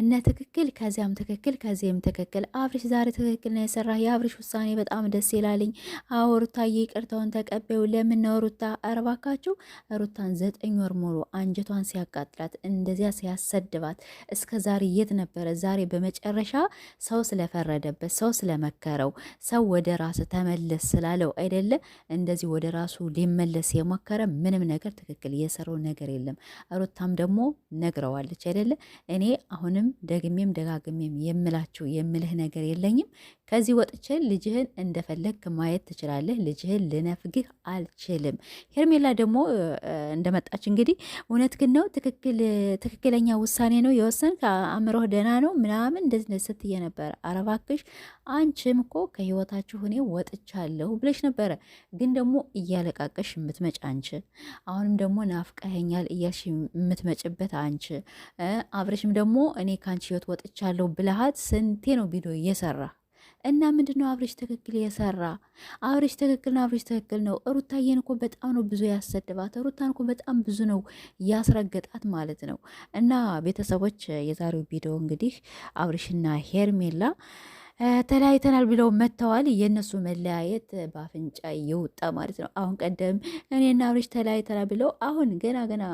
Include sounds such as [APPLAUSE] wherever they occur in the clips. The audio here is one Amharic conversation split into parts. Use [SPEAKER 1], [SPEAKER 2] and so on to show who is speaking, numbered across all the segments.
[SPEAKER 1] እነ ትክክል ከዚያም ትክክል ከዚህም ትክክል። አብርሽ ዛሬ ትክክል ነው የሰራ። የአብርሽ ውሳኔ በጣም ደስ ይላልኝ። አዎ ሩታዬ ይቅርታውን ተቀበዩ። ለምን ነው ሩታ አረባካችሁ? ሩታን ዘጠኝ ወር ሙሉ አንጀቷን ሲያቃጥላት እንደዚያ ሲያሰድባት እስከ ዛሬ የት ነበረ? ዛሬ በመጨረሻ ሰው ስለፈረደበት ሰው ስለመከረው ሰው ወደ ራስ ተመለስ ስላለው አይደለ እንደዚህ ወደ ራሱ ሊመለስ የሞከረ ምንም ነገር ትክክል የሰራው ነገር የለም። ሩታም ደግሞ ነግረዋለች አይደለ እኔ አሁንም አሁንም ደግሜም ደጋግሜም የምላችሁ የምልህ ነገር የለኝም። ከዚህ ወጥቼ ልጅህን እንደፈለግክ ማየት ትችላለህ። ልጅህን ልነፍግህ አልችልም። ሄርሜላ ደግሞ እንደመጣች እንግዲህ እውነት ግን ነው ትክክለኛ ውሳኔ ነው የወሰን ከአእምሮህ ደህና ነው ምናምን እንደዚህ ስትይ ነበረ። ኧረ እባክሽ አንቺም እኮ ከህይወታችሁ እኔ ወጥቻለሁ ብለሽ ነበረ። ግን ደግሞ እያለቃቀሽ የምትመጭ አንቺ፣ አሁንም ደግሞ ናፍቀኸኛል እያልሽ የምትመጭበት አንቺ፣ አብረሽም ደግሞ እኔ እኔ ከአንቺ ህይወት ወጥቻለሁ ብልሃት ስንቴ ነው ቪዲዮ እየሰራ እና ምንድን ነው አብሬሽ ትክክል የሰራ አብሬሽ ትክክል ነው፣ አብሬሽ ትክክል ነው። ሩታዬን እኮ በጣም ነው ብዙ ያሰድባት፣ ሩታን እኮ በጣም ብዙ ነው ያስረገጣት ማለት ነው። እና ቤተሰቦች የዛሬው ቪዲዮ እንግዲህ አብሬሽና ሄርሜላ ተለያይተናል ብለው መጥተዋል። የእነሱ መለያየት በአፍንጫ ይውጣ ማለት ነው። አሁን ቀደም እኔና አብሬሽ ተለያይተናል ብለው አሁን ገና ገና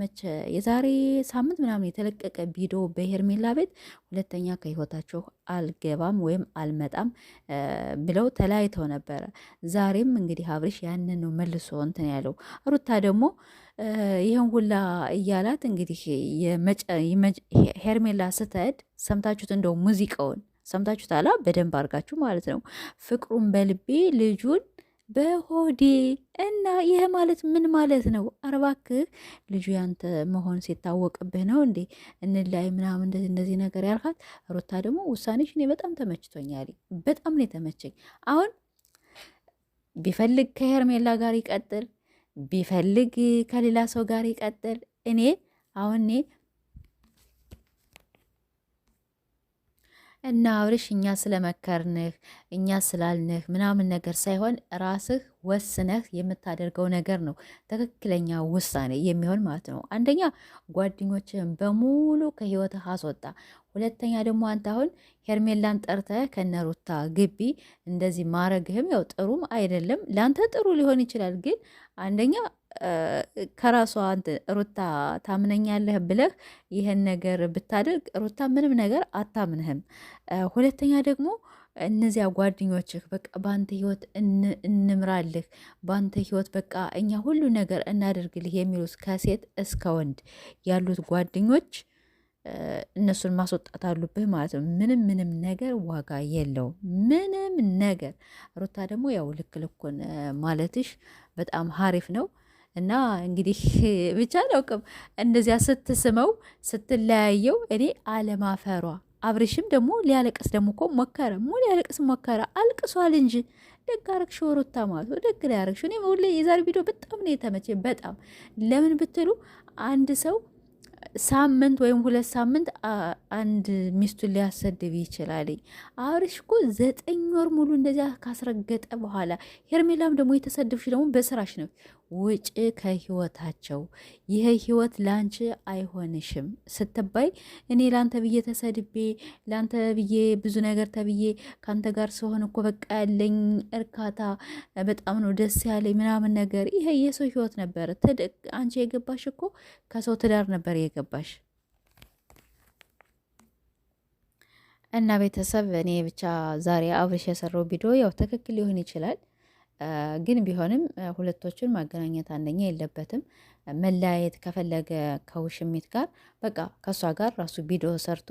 [SPEAKER 1] መቼ የዛሬ ሳምንት ምናምን የተለቀቀ ቪዲዮ በሄርሜላ ቤት ሁለተኛ ከህይወታቸው አልገባም ወይም አልመጣም ብለው ተለያይተው ነበረ። ዛሬም እንግዲህ አብሬሽ ያንን ነው መልሶ እንትን ያለው። ሩታ ደግሞ ይህን ሁላ እያላት እንግዲህ ሄርሜላ ስትሄድ ሰምታችሁት እንደው ሙዚቃውን ሰምታችሁ ታላ በደንብ አድርጋችሁ ማለት ነው። ፍቅሩን በልቤ ልጁን በሆዴ እና ይህ ማለት ምን ማለት ነው? አረባክህ ልጁ ያንተ መሆን ሲታወቅብህ ነው እንዴ እንላይ ምናምን እንደዚህ እንደዚህ ነገር ያልካት ሩታ ደግሞ ውሳኔሽ እኔ በጣም ተመችቶኛል። በጣም ነው የተመቸኝ። አሁን ቢፈልግ ከሄርሜላ ጋር ይቀጥል፣ ቢፈልግ ከሌላ ሰው ጋር ይቀጥል። እኔ አሁን እኔ እና አብርሽ እኛ ስለመከርንህ እኛ ስላልንህ ምናምን ነገር ሳይሆን ራስህ ወስነህ የምታደርገው ነገር ነው ትክክለኛ ውሳኔ የሚሆን ማለት ነው። አንደኛ ጓደኞችህን በሙሉ ከህይወትህ አስወጣ። ሁለተኛ ደግሞ አንተ አሁን ሄርሜላን ጠርተህ ከነሩታ ግቢ እንደዚህ ማረግህም ያው ጥሩም አይደለም። ለአንተ ጥሩ ሊሆን ይችላል፣ ግን አንደኛ ከራሷ ሩታ ታምነኛለህ ብለህ ይህን ነገር ብታደርግ ሩታ ምንም ነገር አታምንህም። ሁለተኛ ደግሞ እነዚያ ጓደኞችህ በቃ በአንተ ህይወት እንምራልህ፣ በአንተ ህይወት በቃ እኛ ሁሉ ነገር እናደርግልህ የሚሉት ከሴት እስከ ወንድ ያሉት ጓደኞች እነሱን ማስወጣት አሉብህ ማለት ነው። ምንም ምንም ነገር ዋጋ የለው ምንም ነገር ሩታ ደግሞ ያው ልክ ልኩን ማለትሽ በጣም ሀሪፍ ነው። እና እንግዲህ [LAUGHS] ብቻ አላውቅም እንደዚያ ስትስመው ስትለያየው እኔ አለማፈሯ አብርሽም ደግሞ ሊያለቀስ ደግሞ እኮ ሞከረ ሞ ሊያለቀስ ሞከረ አልቅሷል እንጂ ደግ አረግሽ ሩታ ማለት ደግ ላይ አረግሽ እኔ ሁሌ የዛሬ ቪዲዮ በጣም ነው የተመቼ በጣም ለምን ብትሉ አንድ ሰው ሳምንት ወይም ሁለት ሳምንት አንድ ሚስቱን ሊያሰድብ ይችላል። አብርሽ እኮ ዘጠኝ ወር ሙሉ እንደዚያ ካስረገጠ በኋላ ሄርሜላም ደግሞ የተሰድብሽ ደግሞ በስራሽ ነው ውጭ ከህይወታቸው። ይህ ህይወት ለአንቺ አይሆንሽም ስትባይ እኔ ለአንተ ብዬ ተሰድቤ ለአንተ ብዬ ብዙ ነገር ተብዬ ከአንተ ጋር ስሆን እኮ በቃ ያለኝ እርካታ በጣም ነው ደስ ያለኝ ምናምን ነገር። ይሄ የሰው ህይወት ነበር። አንቺ የገባሽ እኮ ከሰው ትዳር ነበር የገባሽ። እና ቤተሰብ እኔ ብቻ ዛሬ አብርሽ የሰራው ቪዲዮ ያው ትክክል ሊሆን ይችላል ግን ቢሆንም ሁለቶቹን ማገናኘት አንደኛ የለበትም። መለያየት ከፈለገ ከውሽሚት ጋር በቃ ከእሷ ጋር ራሱ ቪዲዮ ሰርቶ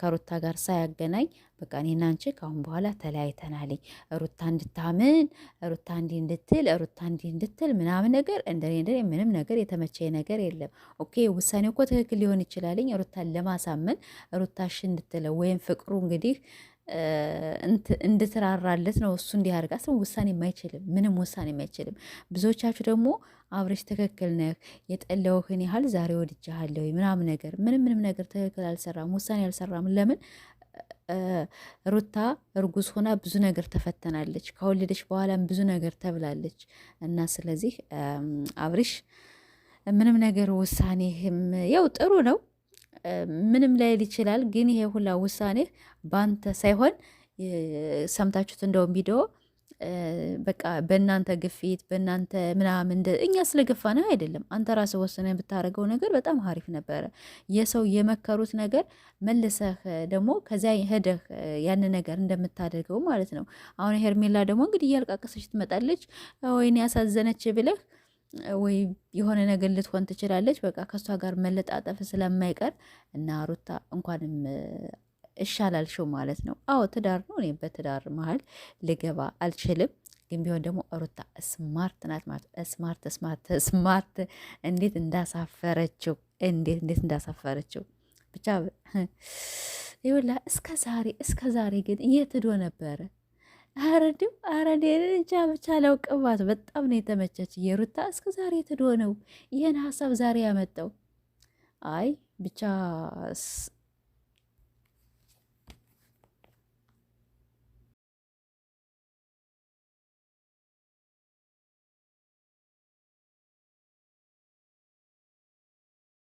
[SPEAKER 1] ከሩታ ጋር ሳያገናኝ በቃ እኔና አንቺ ከአሁን በኋላ ተለያይተናልኝ፣ ሩታ እንድታምን፣ ሩታ እንዲህ እንድትል፣ ሩታ እንዲህ እንድትል ምናምን ነገር እንደኔ እንደኔ ምንም ነገር የተመቸ ነገር የለም። ኦኬ ውሳኔ እኮ ትክክል ሊሆን ይችላልኝ ሩታን ለማሳመን ሩታሽ እንድትለው ወይም ፍቅሩ እንግዲህ እንድትራራለት ነው እሱ እንዲህ አድርጋ ሰው ውሳኔ የማይችልም ምንም ውሳኔ የማይችልም። ብዙዎቻችሁ ደግሞ አብረሽ ትክክል ነህ፣ የጠለውህን ያህል ዛሬ ወድጃሃለሁ ምናምን ነገር ምንም ምንም ነገር ትክክል አልሰራም፣ ውሳኔ አልሰራም። ለምን ሩታ እርጉዝ ሆና ብዙ ነገር ተፈተናለች። ከወለደች በኋላም ብዙ ነገር ተብላለች እና ስለዚህ አብርሽ ምንም ነገር ውሳኔህም ያው ጥሩ ነው ምንም ላይል ይችላል። ግን ይሄ ሁላ ውሳኔ በአንተ ሳይሆን ሰምታችሁት እንደውም ቪዲዮ በቃ በእናንተ ግፊት በእናንተ ምናምን እኛ ነው አይደለም። አንተ ራስ ወስነ ብታደርገው ነገር በጣም አሪፍ ነበረ። የሰው የመከሩት ነገር መልሰህ ደግሞ ከዚያ ሄደህ ያን ነገር እንደምታደርገው ማለት ነው። አሁን ሄርሜላ ደግሞ እንግዲህ እያልቃቀሰች ትመጣለች። ወይኔ ያሳዘነች ብለህ ወይ የሆነ ነገር ልትሆን ትችላለች። በቃ ከእሷ ጋር መለጣጠፍ ስለማይቀር እና ሩታ እንኳንም እሻላልሽው ማለት ነው። አዎ ትዳር ነው። እኔ በትዳር መሀል ልገባ አልችልም። ግን ቢሆን ደግሞ ሩታ ስማርት ናት ማለት ስማርት ስማርት ስማርት እንዴት እንዳሳፈረችው እንዴት እንዴት እንዳሳፈረችው ብቻ ይውላ እስከ ዛሬ እስከ ዛሬ ግን የትዶ ነበረ አረድም አረዴ እንጃ ብቻ ለውቅባት በጣም ነው የተመቸች። የሩታ እስከ ዛሬ ትዶ ነው ይህን ሀሳብ ዛሬ ያመጣው። አይ ብቻ